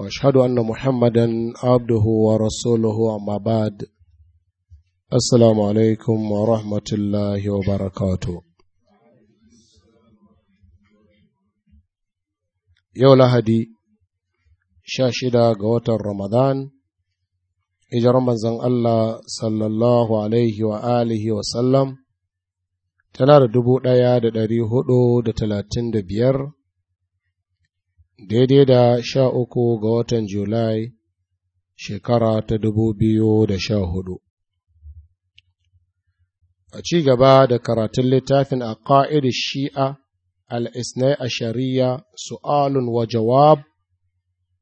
واشهد ان محمدا عبده ورسوله اما بعد السلام عليكم ورحمه الله وبركاته yau lahadi sha shida ga watan ramadan hijirar manzon Allah sallallahu alaihi wa wa sallam tana da dubu ɗaya da ɗari hudu da talatin da biyar daidai da sha uku ga watan Julai shekara ta dubu biyu da sha hudu. A ci gaba da karatun littafin a ƙa'idar shi'a al'isnai a shari'a su'alun wa jawab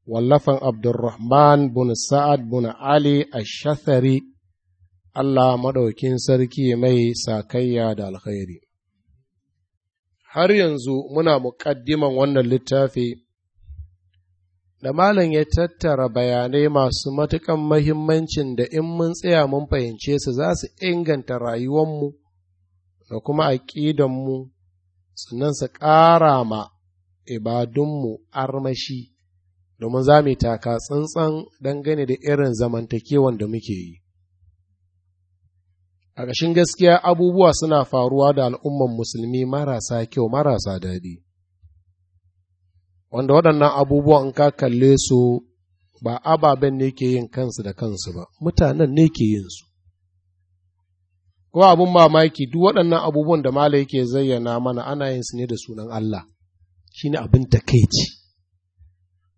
wallafan Abdurrahman bin Sa'ad bin Ali a shathari Allah maɗaukin sarki mai sakayya da alkhairi. Har yanzu muna muƙaddiman wannan littafi da malam ya tattara bayanai masu matukan mahimmancin da in mun tsaya mun fahimce su za su inganta rayuwanmu da kuma aƙidanmu sannan su ƙara ma ibadunmu armashi domin za mu taka tsantsan dangane da irin zamantakewan da muke yi. A ƙashin gaskiya abubuwa suna faruwa da al'umman musulmi marasa kyau marasa daɗi. wanda waɗannan abubuwan ka kalle su ba ababen ne ke yin kansu da kansu ba mutanen ne ke yin su ko abun mamaki duk waɗannan abubuwan da mala yake zayyana mana ana yin su ne da sunan Allah shine abin takeici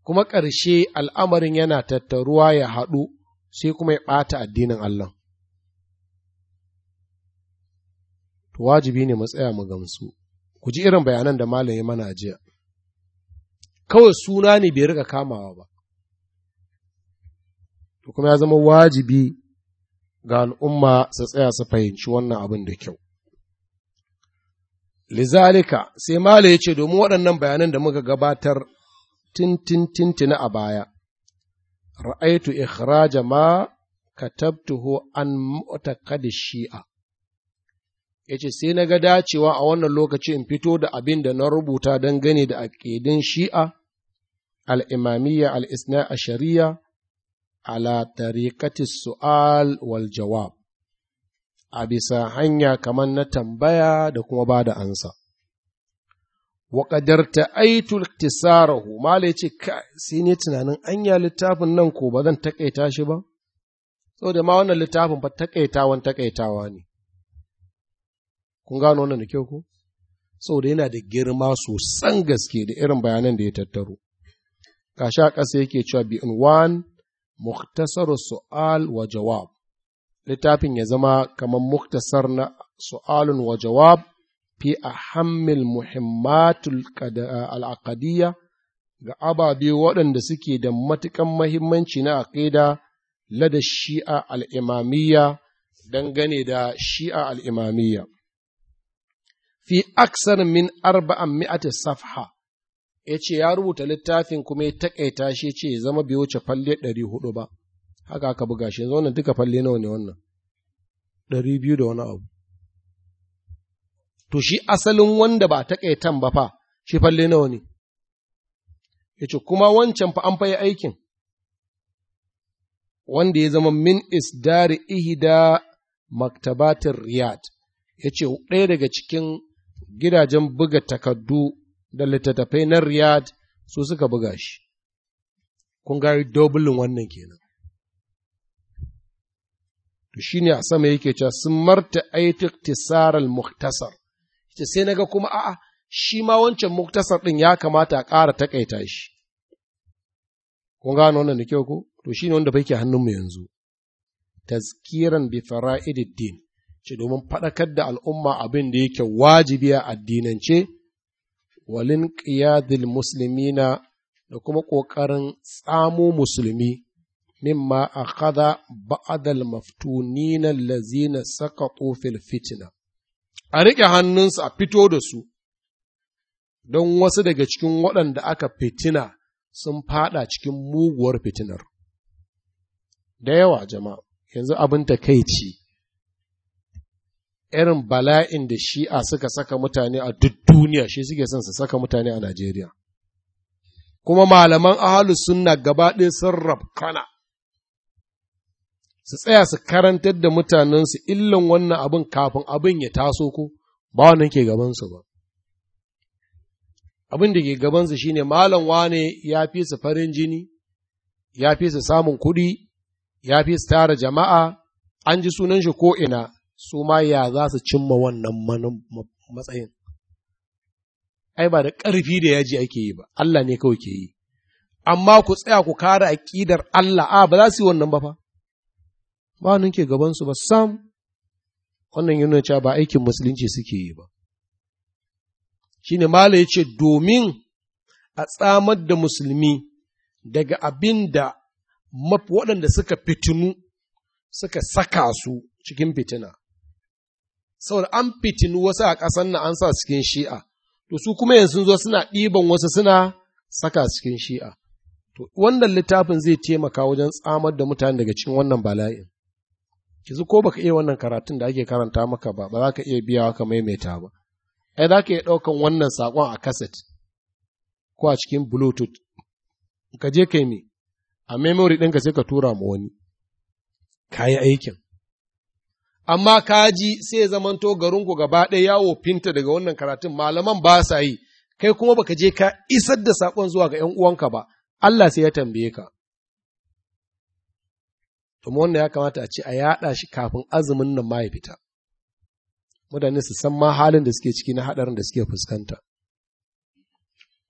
kuma ƙarshe al'amarin yana tattaruwa ya haɗu sai kuma ya ɓata addinin Allah wajibi ne mu tsaya mu gamsu ku ji irin bayanan da malam ya mana jiya kawai suna ne bai rika kamawa ba to kuma ya zama wajibi ga al'umma su tsaya su fahimci wannan abin da kyau lizalika sai mala ya ce domin waɗannan bayanan da muka gabatar tintintintina a baya ra'aitu ikhraja ma katabtuhu an da shi'a Ya ce sai na ga dacewa a wannan lokaci in fito da abin da na rubuta don dangane da aƙidin shi'a al'imamiyya al'isna a shari'a ala tariƙati su'al wal jawab a bisa hanya kamar na tambaya da kuma ba da ansa. wa ƙadarta aitul tisarahu mala ya ce sai tunanin anya littafin nan ko ba zan takaita shi ba saboda ma wannan littafin ba takaitawan takaitawa ne kun gano wannan da kyau ko saboda yana da girma sosan gaske da irin bayanan da ya tattaro kasha a ƙasa yake cewa bi unwan muktasar su'al wa jawab littafin ya zama kamar muktasar na su'alun wa jawab fi ahammil muhimmatul al'aqadiyya ga ababe waɗanda suke da matuƙan mahimmanci na aƙida lada shi'a al'imamiyya dangane da shi'a al'imamiyya. Fi aksar min arba'an mi'ati safha ya ce ya rubuta littafin kuma ya taƙaita shi ya ce ya zama bai wuce falle ɗari hudu ba haka aka buga shi yanzu wannan duka falle nawa ne wannan ɗari biyu da wani abu to shi asalin wanda ba a taƙaitan ba fa shi falle nawa ne ya ce kuma wancan fa an fayi aikin wanda ya zama min isdari ihida maktabatin riyad ya ce ɗaya daga cikin gidajen buga takardu da littattafai na Riyad su suka buga shi. Kun gari dobulin wannan kenan. To shi ne a sama yake cewa sun marta aitik tisarar muktasar. Ita sai na ga kuma a'a shi ma wancan muktasar ɗin ya kamata a ƙara taƙaita shi. Kun gano wannan da kyau ko? To shi ne wanda fake hannunmu yanzu. Tazkiran bi din, Ce domin faɗakar da al'umma abin da yake wajibi a addinance. walin ƙiyadil musulmina da kuma ƙoƙarin tsamo musulmi mimma a kada ba'adal maftunina lazina saka ƙofil fitina a riƙe hannunsu a fito da su don wasu daga cikin waɗanda aka fitina sun fada cikin muguwar fitinar da yawa jama'a yanzu abin takaici irin bala'in da shi'a suka saka mutane a duk duniya shi suke son su saka mutane a Najeriya. Kuma malaman ahalus sunna gaba ɗaya sun rabkana. Su tsaya su karantar da mutanensu illan wannan abin kafin abin ya taso ko ba wannan ke gabansu ba. Abin da ke gabansu shine malam wane ya fi su farin jini, ya fi su samun kuɗi, ya fi su tara jama'a, an ji sunan shi ko'ina. su ma ya za su cimma wannan matsayin. Ai, ba da ƙarfi da yaji ake yi ba, Allah ne kawai ke yi, amma ku tsaya ku kare aƙidar Allah, a ba za su yi wannan ba fa, ba ke gabansu ba sam, wannan yi nuna ba aikin musulunci suke yi ba. Shi ne Mala ya ce, domin a tsamar da musulmi daga abin da waɗanda suka fitinu suka saka su cikin fitina. saboda an fitinu wasu a ƙasan nan an sa cikin shi'a to su kuma yanzu zo suna ɗiban wasu suna saka cikin shi'a to wannan littafin zai taimaka wajen tsamar da mutane daga cikin wannan bala'in yanzu ko baka iya wannan karatun da ake karanta maka ba ba za ka iya biya ka maimaita ba ai za ka iya ɗaukan wannan saƙon a kaset ko a cikin bluetooth ka je kai me a memory ɗinka sai ka tura ma wani ka yi aikin amma kaji sai zamanto garinku gaba ɗaya yawo finta daga wannan karatun malaman ba sa yi kai kuma baka je ka isar da saƙon zuwa ga ‘yan uwanka ba Allah sai ya tambaye ka kuma wannan ya kamata a ce a yaɗa shi kafin azumin nan ma ya fita mutane su san ma halin da suke ciki na haɗarin da suke fuskanta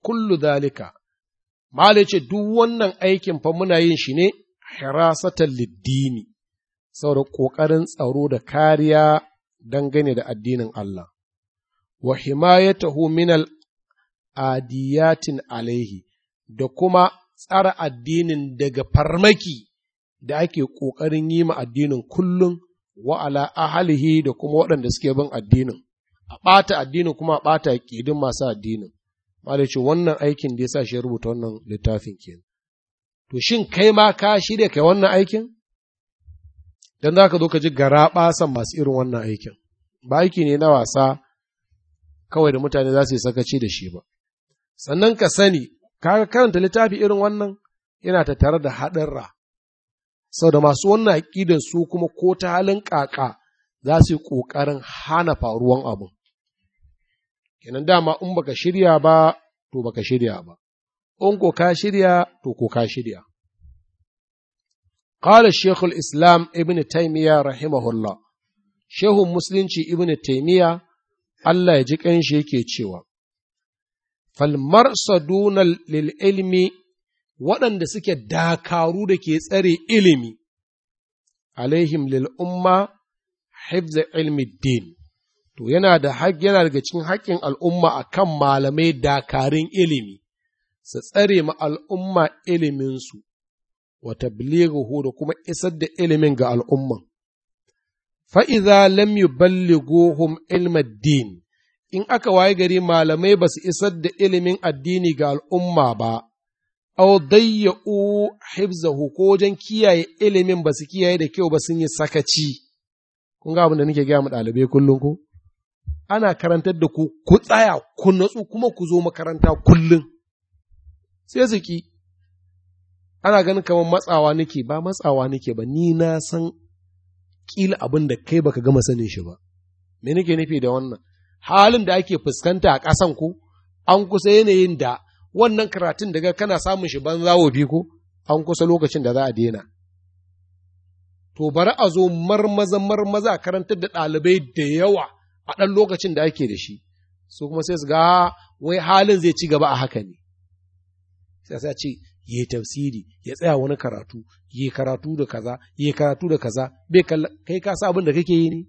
kullu zalika malai ce duk wannan aikin fa muna yin shi ne hirasatan liddini saboda ƙoƙarin tsaro da kariya dangane da addinin Allah. Wa himayatahu minal adiyatin alaihi da kuma tsara addinin daga farmaki da ake ƙoƙarin yi ma addinin kullum wa ala ahalihi da kuma waɗanda suke bin addinin. A ɓata addinin kuma a ɓata ƙidin masu addinin. Malai ce wannan aikin da ya sa shi rubuta wannan littafin kenan. To shin kai ma ka shirya kai wannan aikin? don za ka zo ka ji gara ɓasan masu irin wannan aikin ba aiki ne na wasa kawai da mutane za su yi sakaci da shi ba sannan ka sani ka karanta littafi irin wannan yana tare da haɗarra sau da masu wannan aƙidan su kuma ko ta halin ƙaƙa za su yi ƙoƙarin hana faruwan abu kenan dama in baka shirya ba to baka shirya ba in ko ka shirya to ko ka shirya Ƙala Shekul Islam Ibn Taimiyya rahimahullah, Shehun Musulunci Ibn Taimiyya, Allah ya ji ƙanshi yake cewa, Falmar sadunal lil ilmi waɗanda suke dakaru da ke tsare ilimi, alaihim lil umma hifza ilmi din, to yana da yana daga cikin haƙƙin al'umma akan malamai dakarun ilimi, su tsare ma al'umma iliminsu. wa tablighuhu da kuma isar da ilimin ga al'umma fa idza lam yuballighuhum ilma din in aka waye gari malamai basu isar da ilimin addini ga al'umma ba aw dayya'u hibzahu ko wajen kiyaye ilimin ba su kiyaye da kyau ba sun yi sakaci kun ga abin da nake gaya mu ɗalibai kullum ko ana karantar da ku ku tsaya ku natsu kuma ku zo makaranta kullum sai su ana ganin kamar matsawa nake ba matsawa nake ba ni na san kila abin da kai baka gama sanin shi ba me nake nufi da wannan halin da ake fuskanta a kasan ku an kusa yanayin da wannan karatun daga kana samun shi banza bi ko an kusa lokacin da za a daina to bari a zo marmaza marmaza karantar da ɗalibai da yawa a ɗan lokacin da ake da shi su kuma sai su ga wai halin zai ci gaba a haka ne sai ce ya tafsiri ya tsaya wani karatu ya karatu da kaza ya karatu da kaza bai kai ka sa abin da kake yi ne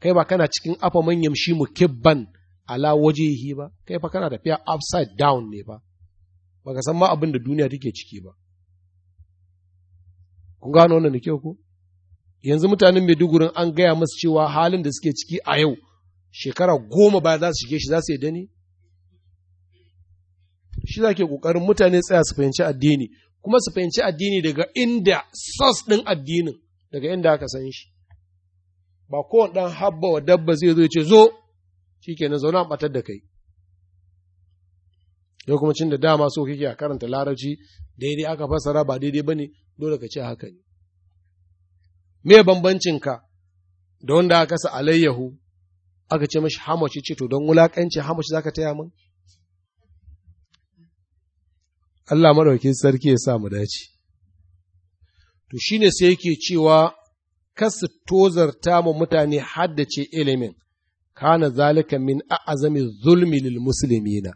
kai ba kana cikin afa manyan shi mu kibban ala yi ba kai fa kana tafiya upside down ne ba Ba ka san ma abin da duniya take ciki ba kun gano wannan da kyau ko yanzu mutanen Maidugurin an gaya masu cewa halin da suke ciki a yau shekara goma ba za su shige shi za su yi dani shi za ke ƙoƙarin mutane tsaya su fahimci addini kuma su fahimci addini daga inda sos ɗin addinin daga inda aka san shi ba kowane ɗan habba wa dabba zai zo ce zo shi ke na zaune a ɓatar da kai yau kuma cin da dama so kike a karanta larabci daidai aka fassara ba daidai ba ne dole ka ce haka ne me bambancinka da wanda aka sa alayyahu aka ce mashi hama ce to don wulaƙanci hamaci za ka taya min Allah maɗaukin sarki ya sa mu dace. To shi ne sai yake cewa, kasu tozarta mu mutane haddace ilimin, kana zalika min a'azami zulmi lil musulmina.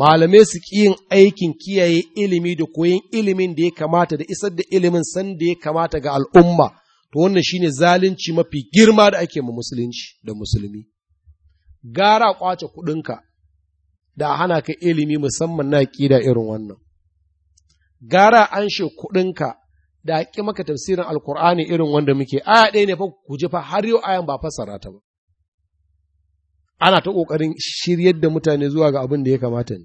Malamai su yin aikin kiyaye ilimi da koyin ilimin da ya kamata da isar da ilimin san da ya kamata ga al'umma, to wannan shi ne zalunci mafi girma da ake ma musulunci da musulmi. Gara kwace kuɗinka da hana ka ilimi musamman na ƙida irin wannan. gara an she kuɗinka da ƙi maka tafsirin alkur'ani irin wanda muke aya ɗaya ne fa ku ji fa har yau ayan ba fassara ta ba ana ta ƙoƙarin shiryar da mutane zuwa ga abin da ya kamata ne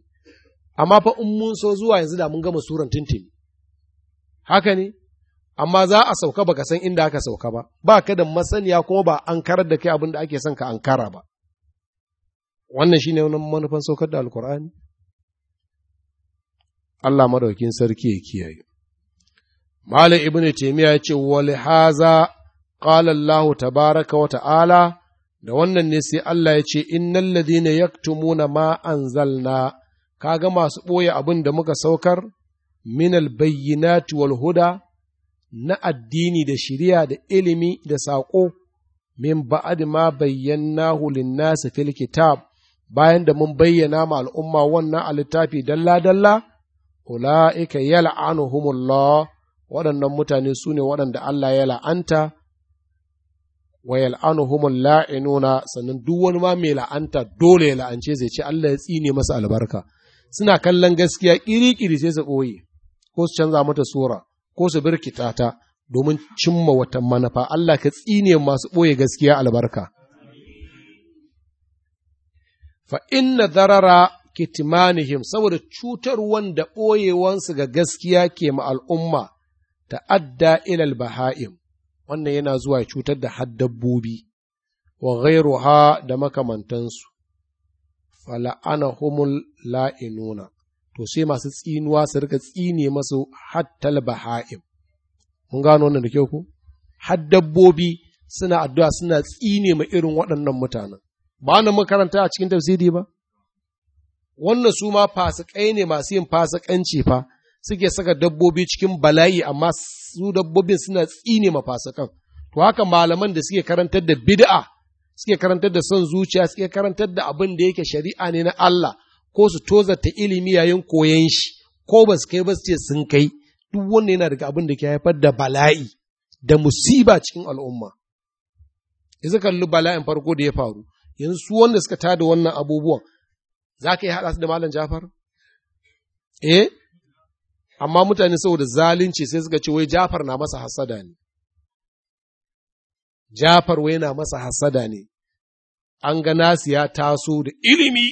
amma fa in mun so zuwa yanzu da mun gama suran tintini haka ne amma za a sauka baka san inda aka sauka ba ba ka da masaniya kuma ba an karar da kai abin da ake son ka an kara ba wannan shine manufan saukar da alkur'ani Allah madaukin sarki ya kiyaye Malam Ibn Taymiyyah ya ce wali haza qala Allah tabaraka wa ta'ala da wannan ne sai Allah ya ce innal ladhina yaktumuna ma anzalna kaga masu ɓoye abin da muka saukar minal bayyinati wal huda na addini da shiriya da ilimi da saƙo min ba'ad ma bayyanahu linnasi fil kitab bayan da mun bayyana ma al'umma wannan a littafi dalla dalla ula'ika yal'anuhumullah waɗannan mutane su ne waɗanda Allah ya la'anta wa yal'anuhumul la'inuna sannan duk wani ma mai la'anta dole ya la'ance zai ce Allah ya tsine masa albarka suna kallon gaskiya ƙiri-ƙiri sai su ɓoye ko su canza mata sura ko su birkita ta domin cimma wata manafa Allah ka tsine masu ɓoye gaskiya albarka fa inna zarara kitmanihim saboda cutarwan da ɓoyewansu ga gaskiya ke ma al'umma ta'adda ilal baha'im, wannan yana zuwa cutar da dabbobi, wa ha da makamantansu, humul la'inuna, to sai masu tsinuwa su rika tsine masu hattal baha'im. Mun gano wannan da kyau ku? dabbobi suna addu'a suna tsine ma irin waɗannan mutanen. Ba na makaranta a cikin tafsiri ba? wannan su ma fasikai ne masu yin fasikanci fa suke saka dabbobi cikin bala'i amma su dabbobin suna tsine ma fasikan to haka malaman da suke karantar da bid'a suke karantar da son zuciya suke karantar da abin da yake shari'a ne na Allah ko su ta ilimi yayin koyon shi ko ba su kai ba su ce sun kai duk wannan yana daga abin da ke haifar da bala'i da musiba cikin al'umma yanzu kalli bala'in farko da ya faru yanzu su wanda suka tada wannan abubuwan za ka yi haɗa su da malam jafar eh amma mutane saboda zalunci sai suka ce wai jafar na masa hasada ne jafar wai na masa hasada ne an ga nasu ya taso da ilimi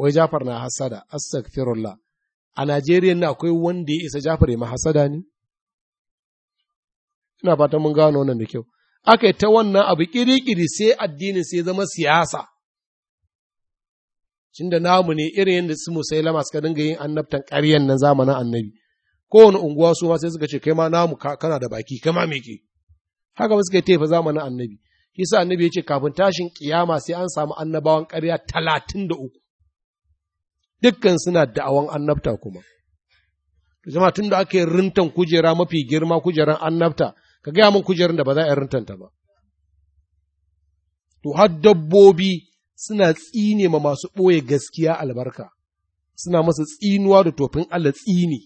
wai jafar na hasada astaghfirullah a Najeriya na akwai wanda ya isa jafar ya mahasada ne ina fatan mun gano wannan da kyau aka yi ta wannan abu kirikiri sai addinin sai zama siyasa shin da namu ne irin yadda su musailama suka dinga yin annabtan ƙaryan nan zamanin annabi kowane unguwa su ma sai suka ce kai ma namu kana da baki kai ma meke haka ba suka yi taifa zamanin annabi shi sa annabi ya ce kafin tashin kiyama sai an samu annabawan ƙarya talatin da uku dukkan suna da'awan annabta kuma jama tun da ake rintan kujera mafi girma kujeran annabta ka gaya min kujerar da ba za a rintanta ba to har dabbobi suna tsine ma masu ɓoye gaskiya albarka, suna masa tsinuwa da tofin Allah tsini.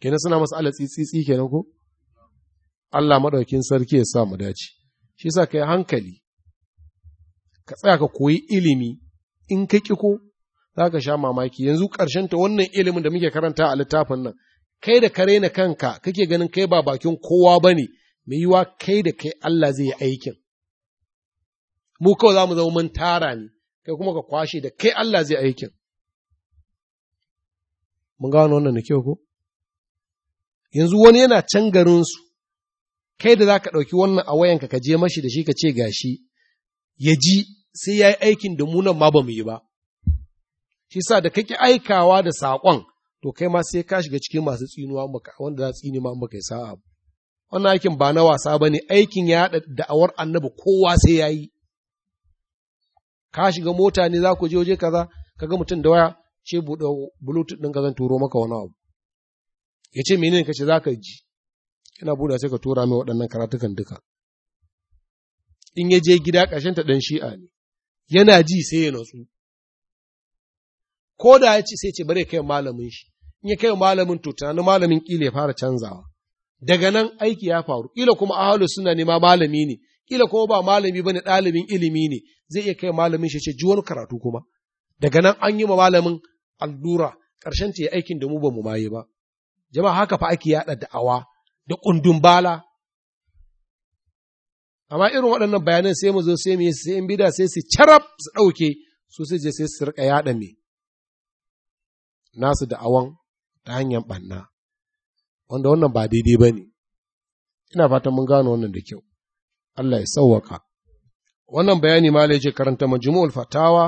Kenan suna masa Allah tsitsi kenan ko? Allah maɗaukin sarki ya sa mu dace, shi sa ka yi hankali, ka tsaya ka koyi ilimi in ka ƙi ko za ka sha mamaki yanzu ta wannan ilimin da muke karanta a littafin nan, kai da ka raina kanka kake ganin kai ba bakin kowa ba ne, mai yiwa kai da kai Allah zai yi aikin. mu kawai za mu zama mun tara ne kai kuma ka kwashe da kai Allah zai aikin mun gano wannan da kyau ko yanzu wani yana can garinsu kai da za ka ɗauki wannan a wayanka ka je mashi da shi ka ce shi ya ji sai ya yi aikin da munan ma ba mu yi ba shi sa da kake aikawa da saƙon to kai ma sai ka shiga cikin masu tsinuwa wanda za tsini ma baka sa'a wannan aikin ba na wasa ba ne aikin ya da'awar annabi kowa sai ya yi ka shiga mota ne za ku je waje kaza ka ga mutum da waya ce buɗe bluetooth ɗin ka zan turo maka wani abu ya ce menene ka ce za ka ji ina buɗe sai ka tura mai waɗannan karatukan duka in ya je gida ƙarshen ta ɗan shi'a ne yana ji sai ya natsu ko da ya ce sai ce bare kai malamin shi in ya kai malamin to tunanin malamin ƙila ya fara canzawa daga nan aiki ya faru Ƙila kuma ahalu suna nema malami ne Ila ko ba malami bane ɗalibin ilimi ne zai iya kai malamin shi ce ji karatu kuma daga nan an yi ma malamin allura ƙarshen ta ya aikin da mu ba mu maye ba jama'a haka fa ake yaɗa da'awa da ƙundun bala amma irin waɗannan bayanan sai mu zo sai mu yi sai in bida sai su carab su ɗauke su sai je sai su rika yaɗa me nasu da'awan ta hanyar banna wanda wannan ba daidai ba ne ina fatan mun gano wannan da kyau Allah ya sauwaka. Wannan bayani ma ce karanta majmu'ul fatawa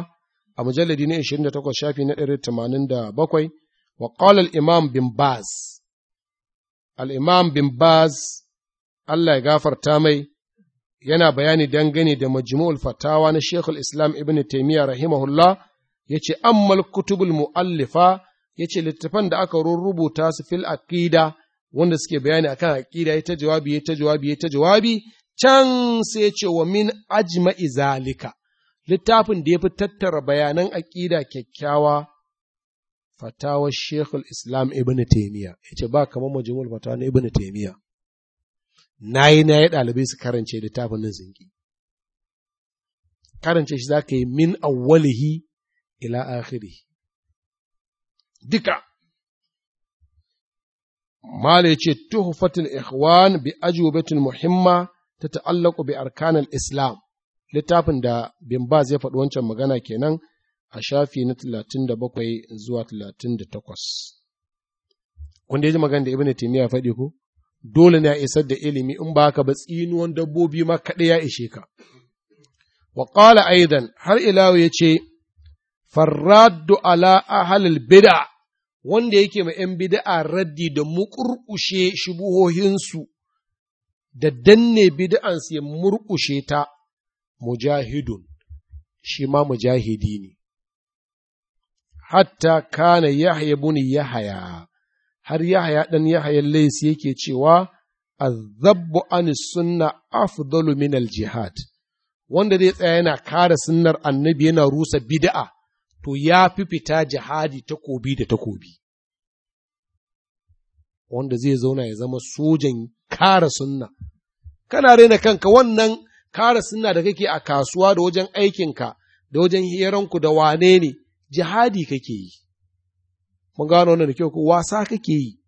a mujalladi na 28 shafi na 187 wa qala al-imam bin Baz al-imam bin Baz Allah ya gafarta mai yana bayani dangane da majmu'ul fatawa na Sheikhul Islam Ibn Taymiyyah rahimahullah yace ammal kutubul muallifa yace littafan da aka rubuta su fil aqida wanda suke bayani akan aqida ta jawabi ta jawabi ta jawabi Can sai ce wa min ajima izalika. littafin da ya fi tattara bayanan aƙida kyakkyawa fatawa Shekul Islam Ibn Taimiyya, ya ce ba kamar majimul fatawa na Ibn Taimiyya. Na yi na yi ɗalibai su karance littafin nan zingi. Karance shi za ka yi min awwalihi ila akhiri. Duka. Mala ya ce, Tuhufatul Ikhwan bi ajubatul muhimma ta ta'allaku bi arkanal Islam, littafin da bin baz zai faɗi wancan magana kenan a shafi na 37 zuwa 38. Kun da ji magana da Ibn Taymiyyah faɗi ko? Dole ne a isar da ilimi in ba ka ba tsinuwan dabbobi ma kaɗai ya ishe ka. Wa qala aidan har ilawu ya ce, Farraddu ala ahalil bid'a wanda yake ma ‘yan bid'a raddi da muƙurƙushe shubuhohinsu da danne bid'ansu ya murƙushe ta mujahidun shi ma mujahidi ne hatta kana yahya buni yahaya har yahaya ɗan yahayan laisi yake cewa azabbu an sunna afdalu min jihad wanda zai tsaya yana kare sunnar annabi yana rusa bid'a to ya fi fita jihadi takobi da takobi wanda zai zauna ya zama sojan kara sunna kana raina kanka wannan kara sunna da kake a kasuwa da wajen aikinka da wajen hiranku da wane ne jihadi kake yi mun gano wannan da kyau wasa kake yi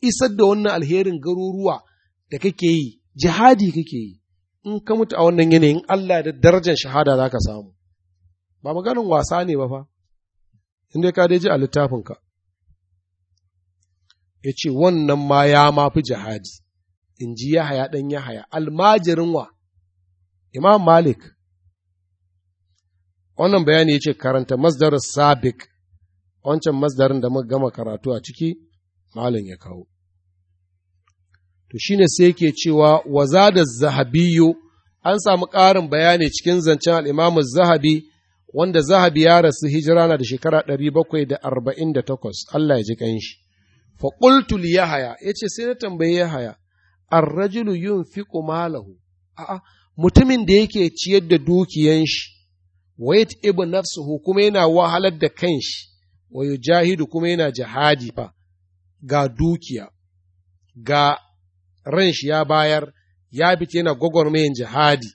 isar da wannan alherin garuruwa da kake yi jihadi kake yi in ka mutu a wannan yanayin Allah da darajar shahada za ka samu ba maganin wasa ne ba fa in dai ka dai ji a littafinka ya ce wannan ma ya mafi jihadi in ji haya ɗan haya almajirin wa imam malik wannan bayani ya ce karanta masdar sabik wancan masdarin da muka gama karatu a ciki malin ya kawo to shine sai ke cewa wazada zahabiyu an samu ƙarin bayani cikin zancen al'imamu zahabi wanda zahabi ya rasu hijira na da shekara 748 Allah ya ji ƙanshi fa yahaya. li yahya yace sai na tambaye yahaya. ar-rajulu yunfiqu malahu a'a mutumin da yake ciyar da dukiyan shi wa yat'ibu nafsuhu kuma yana wahalar da kanshi wa yujahidu kuma yana jihadi fa ga dukiya ga ran shi ya bayar ya fita yana gwagwarmayin jihadi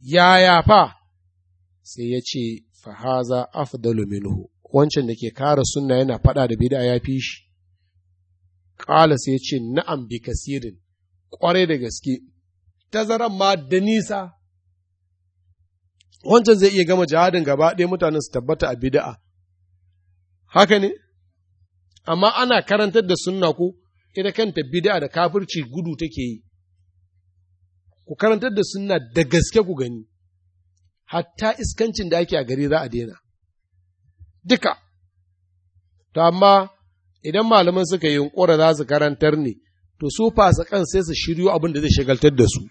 yaya fa sai ya ce fahaza afdalu minhu wancan da ke kara sunna yana faɗa da bid'a ya fi shi ƙala sai ce na'am bi kasirin ƙwarai da gaske tazaran ma da nisa wancan zai iya gama jihadin gaba ɗaya mutanen su tabbata a bida'a haka ne amma ana karantar da sunna ku ita kanta bida'a da kafirci gudu take yi ku karantar da sunna da gaske ku gani hatta iskancin da ake a gari za a daina duka ta amma idan malaman suka yi yunƙura za su karantar ne to su fasa kan sai su shiryo abin da zai shagaltar da su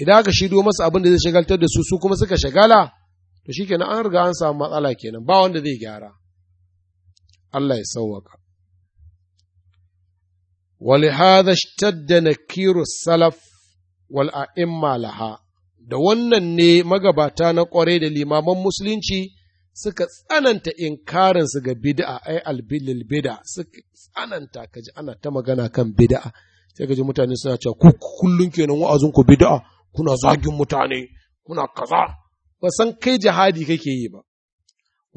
idan aka shiryo masu abin da zai shagaltar da su su kuma suka shagala to shi kenan an riga an samu matsala kenan ba wanda zai gyara Allah ya sauwaka ولهذا اشتد نكير السلف والأئمة laha da wannan ne magabata na kware da limaman musulunci suka tsananta inkarinsu ga bid'a ai albilil bid'a suka tsananta kaji ana ta magana kan bid'a sai ji mutane suna cewa ku kullun kenan wa'azin ku bid'a kuna zagin mutane kuna kaza ba san kai jihadi kake yi ba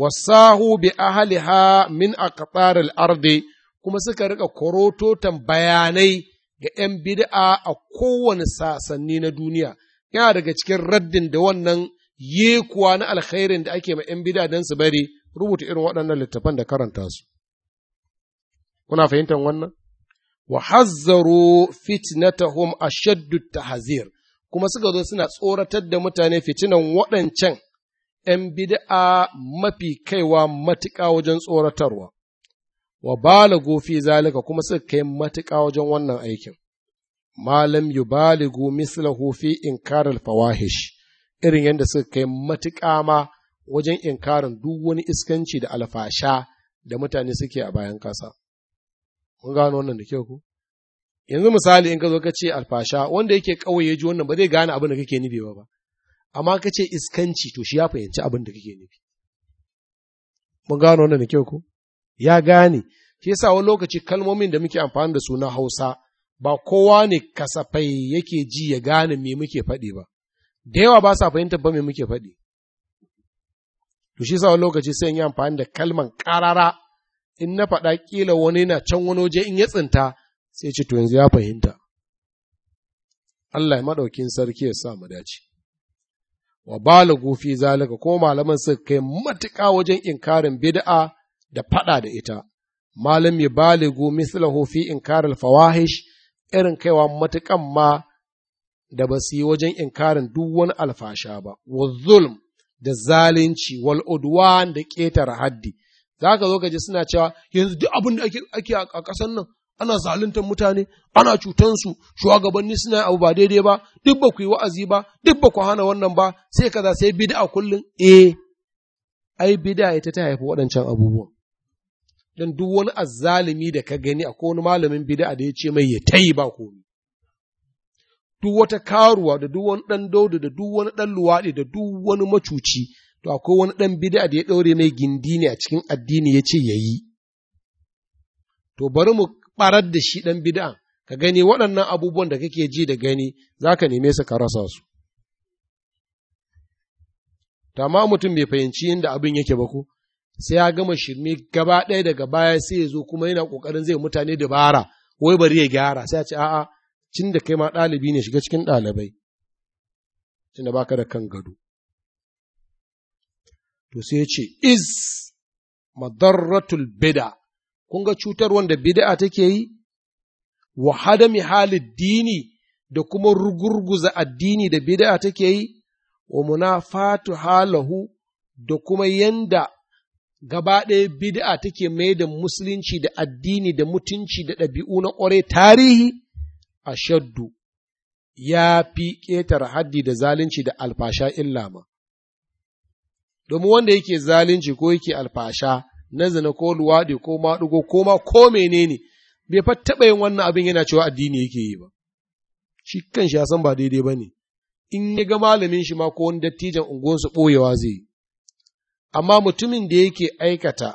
wasahu bi ahliha min aqtar al-ardi kuma suka rika korototan bayanai ga 'yan bid'a a kowane sasanni na duniya yana daga cikin raddin da wannan yi kuwa na alkhairin da ake ma ‘yan bida don su bari rubuta irin waɗannan littafan da karanta su. Kuna fahimtar wannan? Wa hazzaru fitnatahum ashaddu tahzir kuma suka zo suna tsoratar da mutane fitinan waɗancan ‘yan bid'a mafi kaiwa matuƙa wajen tsoratarwa, wa balagu fi zalika kuma suka kai matuƙa wajen wannan aikin. Malam yubaligu mislahu fi inkarar fawahish. irin yadda suka kai matuƙa ma wajen inkarin duk wani iskanci da alfasha da mutane suke a bayan ƙasa. Mun gano wannan da kyau ku? Yanzu misali in ka zo ka ce alfasha wanda yake ƙauye ji wannan ba zai gane abin da kake nufi ba. Amma ka ce iskanci to shi ya fahimci abin da kake nufi. Mun gano wannan da kyau ku? Ya gane. Shi yasa wani lokaci kalmomin da muke amfani da su na Hausa ba kowa ne kasafai yake ji ya gane me muke faɗi ba. da yawa ba sa fahimtar ba me muke faɗi to shi sa lokaci sai in yi amfani da kalman karara in na faɗa ƙila wani na can wani waje in ya tsinta sai ce to yanzu ya fahimta Allah ya maɗaukin sarki ya sa mu dace wa bala gufi zalika ko malaman suka kai matuƙa wajen inkarin bid'a da faɗa da ita malam ya baligu mislahu fi inkaril fawahish irin kaiwa matuƙan ma da ba su yi wajen inkarin duk wani alfasha ba, wa zulm da zalunci wal da ƙetare haddi. Za ka zo ka ji suna cewa yanzu duk abin da ake a ƙasar nan ana zaluntar mutane, ana cutansu, shugabanni suna abu ba daidai ba, duk ba ku yi wa'azi ba, duk ba ku hana wannan ba, sai kaza sai bid'a kullum eh ai bid'a ita ta haifi waɗancan abubuwan. Don duk wani azzalumi da ka gani a wani malamin bid'a da ya ce mai ya tayi ba komi. duk wata karuwa da duk wani ɗan dauda da duk wani ɗan luwaɗi da duk wani macuci, to akwai wani ɗan bid'a da ya ɗaure mai gindi ne a cikin addini ya ce ya yi. To bari mu ɓarar da shi ɗan bid'a, ka gani waɗannan abubuwan da kake ji da gani za ka neme su ka rasa su. Tama mutum bai fahimci inda abin yake ba ko, sai ya gama shirme gaba ɗaya daga baya sai ya zo kuma yana ƙoƙarin zai mutane dabara, wai bari ya gyara, sai ya ce a'a cin da kai ma ɗalibi ne shiga cikin ɗalibai cin da baka da kan gado to sai ya ce is madarratul bida kun ga cutar wanda bid'a take yi wa hadami halid dini da kuma rugurguza addini da bid'a take yi wa munafatu halahu da kuma yanda gaba ɗaya bid'a take mai da musulunci da addini da mutunci da ɗabi'u na ƙware tarihi ashaddu ya fi ƙetare haddi da zalunci da alfasha illa ma. Domin wanda yake zalunci ko yake alfasha na zina ko luwaɗi ko maɗugo ko ma ko menene bai fa taɓa yin wannan abin yana cewa addini yake yi ba. Shi kan shi ya san ba daidai ba ne, in ya ga malamin shi ma ko wani dattijan unguwarsa ɓoyewa zai yi. Amma mutumin da yake aikata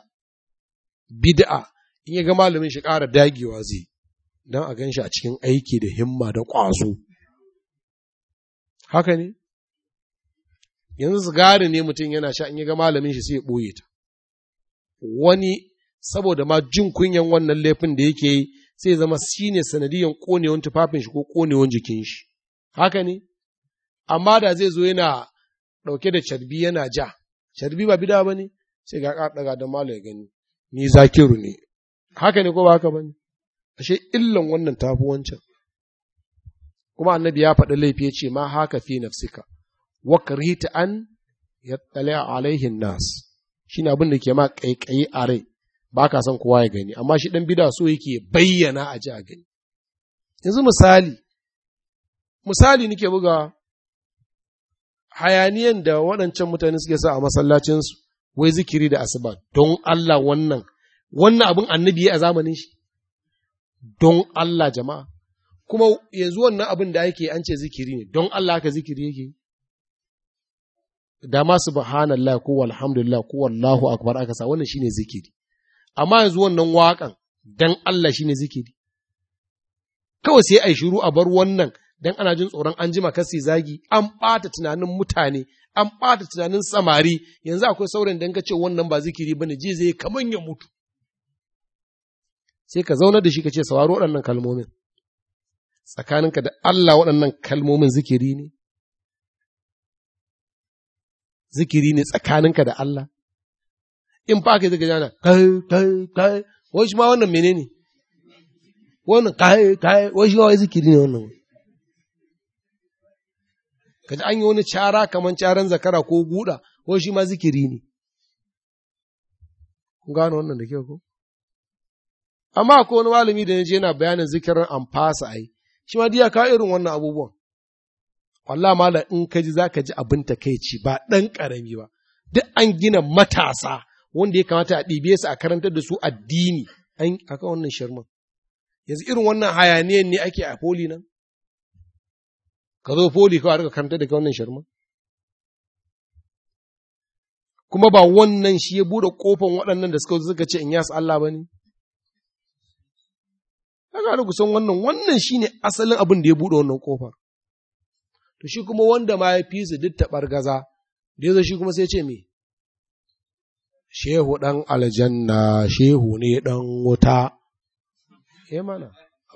bid'a in ya ga malamin shi ƙara dagewa zai yi. don a gan shi a cikin aiki da himma da ƙwazo. Haka ne? Yanzu sigari ne mutum yana sha in ga malamin shi sai ya ɓoye ta. Wani saboda ma jin kunyan wannan laifin da yake yi sai zama shi ne sanadiyan ƙonewan tufafin shi ko ƙonewan jikin shi. Haka ne? Amma da zai zo yana ɗauke da carbi yana ja, carbi ba bida ba ne, sai ga ƙaɗaga da malam ya gani, ni zakiru ne. Haka ne ko ba haka ba ne? ashe illan wannan tafi wancan kuma annabi ya faɗi laifi ya ce ma haka fi nafsika wa karhita an a alaihin nas shine abin da ke ma ƙaiƙayi a rai ba ka san kowa ya gani amma shi dan bida so yake bayyana a ji a gani yanzu misali misali nake buga hayaniyan da waɗancan mutane suke sa a masallacinsu wai zikiri da asuba don Allah wannan wannan abin annabi ya a zamanin shi don Allah jama'a, kuma yanzu wannan abin da yake an ce zikiri ne, don Allah ka zikiri yake. Da ma subhanallah ko walhamdulillah ko wallahu akbar aka sa wannan shine zikiri. Amma yanzu wannan waƙan don Allah shine zikiri. Kawai sai a yi shiru a bar wannan don ana jin tsoron an jima kasi zagi, an ɓata tunanin mutane, an ɓata tunanin samari, yanzu akwai sauran don ka ce wannan ba zikiri ba ne, je zai kaman ya mutu. sai ka zaunar da shi ka ce sauraro waɗannan kalmomin tsakaninka da Allah waɗannan kalmomin zikiri ne zikiri ne tsakaninka da Allah in ba ka zaka jana kai kai kai wai shi ma wannan menene wannan kai kai wai shi ma wai zikiri ne wannan kaji an yi wani cara kaman caran zakara ko guda wai shi ma zikiri ne kun gano wannan da kyau ko Amma ko wani malami da je yana bayanin zikirin fasa ai, shi ma diya ka irin wannan abubuwan. Wallah mala in ka ji za ka ji abin takaici ba dan karami ba, duk an gina matasa wanda ya kamata a ɗibe su a karantar da su addini a aka wannan shirman. Yanzu irin wannan hayaniyan ne ake a foli nan? Ka zo foli kawai a rika karantar da wannan shirman? Kuma ba wannan shi ya bude kofan waɗannan da suka zo suka ce in yasu Allah ba ne? Kaga da kusan wannan wannan shi ne asalin abin da ya buɗe wannan ƙofar. To shi kuma wanda ma ya fi su duk taɓar gaza, da ya shi kuma sai ce me? Shehu ɗan aljanna, shehu ne ɗan wuta. Eh mana,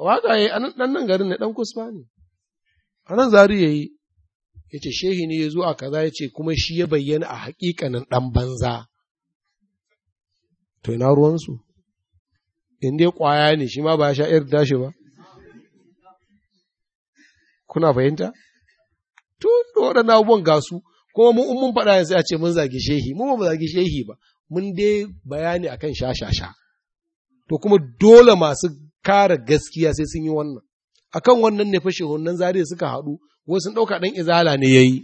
waka ya yi a ɗan nan garin ne ɗan kusfa ne, a nan zari ya yi, ya ce shehi ne ya zo a kaza ya ce kuma shi ya bayyana a haƙiƙanin ɗan banza. To ina ruwansu? in dai ƙwaya ne shi ma ba ya sha irin tashi ba kuna fahimta da waɗannan abubuwan ga su kuma mun mun faɗa yanzu a ce mun zagi shehi mun ba zagi shehi ba mun dai bayani akan sha sha sha to kuma dole masu kare gaskiya sai sun yi wannan A kan wannan ne fashe wannan zare suka haɗu wai sun ɗauka ɗan izala ne ya yi.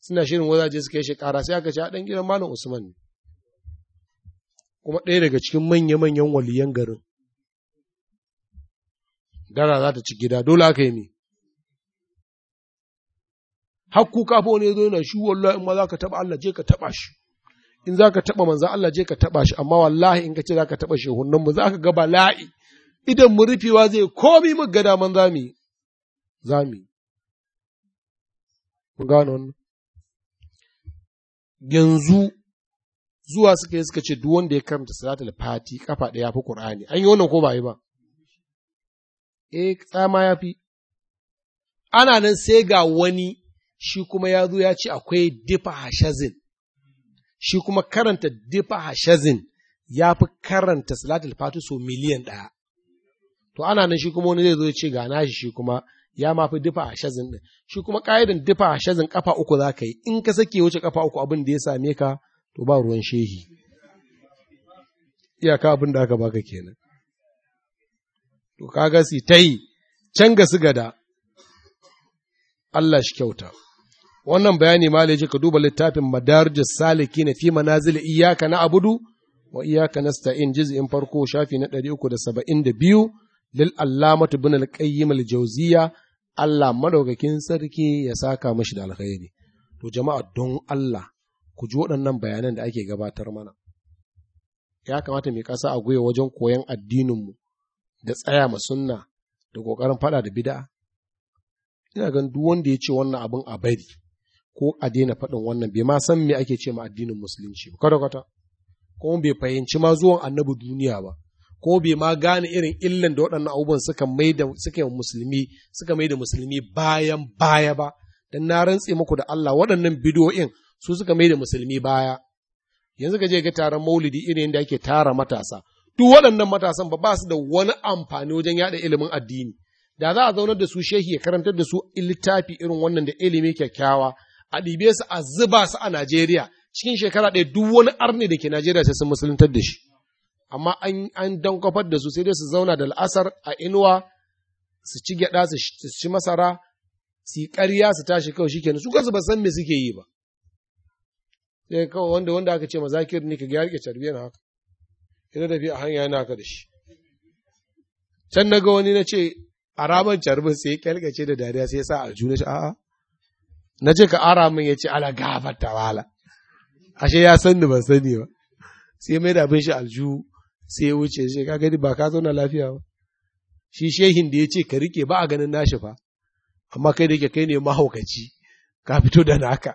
suna shirin wazaje suka yi shekara sai aka ce ɗan gidan malam usman ne kuma ɗaya daga cikin manya-manyan waliyan garin dara za ta ci gida dole aka yi ne hakku kafa wani zo yana shi wallahi in ma za ka taɓa Allah je ka taɓa shi in za ka taɓa manzan Allah je ka taɓa shi amma wallahi in ka ce za ka taɓa shehunan mu za ka ga bala'i idan mu rufewa zai komi mu ga daman mu yi, mun gano wannan yanzu zuwa suka yi suka ce duk wanda ya karanta salatul fati kafa ɗaya fi qur'ani an yi wannan ko ba yi ba eh tsama ya fi ana nan sai ga wani shi kuma ya zo ya ce akwai difa hashazin shi kuma karanta difa hashazin ya fi karanta salatul fati so miliyan ɗaya to ana nan shi kuma wani zai zo ya ce ga nashi shi kuma ya ma fi difa hashazin shi kuma difa hashazin kafa uku za ka yi in ka sake wuce kafa uku abin da ya same ka to ba ruwan shehi iyaka abin da aka baka kenan to kaga si ta yi can ga su gada Allah shi kyauta wannan bayani ma laje ka duba littafin madarijus saliki na fi manazil iyaka na abudu wa iyaka nasta'in juz'in farko shafi na 372 lil allamatu bin al-qayyim al-jawziya Allah madaukakin sarki ya saka mashi da alkhairi to jama'a don Allah ku ji waɗannan bayanan da ake gabatar mana. Ya kamata mai ƙasa a gwiwa wajen koyon addininmu da tsaya ma sunna da ƙoƙarin faɗa da bida'a. Ina gan duk wanda ya ce wannan abin a bari ko a daina faɗin wannan bai ma san me ake ce ma addinin musulunci kwata kwata kuma bai fahimci ma zuwan annabi duniya ba ko bai ma gane irin illan da waɗannan abubuwan suka mai da suka musulmi suka mai da musulmi bayan baya ba dan na rantse muku da Allah waɗannan bidoyin su suka mai da musulmi baya yanzu ka je ga taron maulidi irin da ake tara matasa duk waɗannan matasan ba ba su da wani amfani wajen yaɗa ilimin addini da za a zaunar da su shehi ya karantar da su littafi irin wannan da ilimi kyakkyawa a ɗibe su a zuba su a Najeriya cikin shekara ɗaya duk wani arni da ke Najeriya sai sun musuluntar da shi amma an an dankwafar da su sai dai su zauna da al'asar a inuwa su ci gyaɗa su ci masara su yi ƙarya su tashi kawai shi kenan su kansu ba san me suke yi ba sai kawai wanda wanda aka ce mazakir ne ka ga rike tarbiyyar haka ina da biya hanya yana ka da shi can na ga wani na ce a ramar carbin sai kyalkace da dariya sai sa aljuna shi a'a na ce ka ara min ya ce ala gafar tawala ashe ya sani ni ban sani ba sai mai da abin shi alju sai ya wuce sai ka gani ba ka zauna lafiya ba shi shehin da ya ce ka rike ba a ganin nashi fa amma kai da yake kai ne mahaukaci ka fito da naka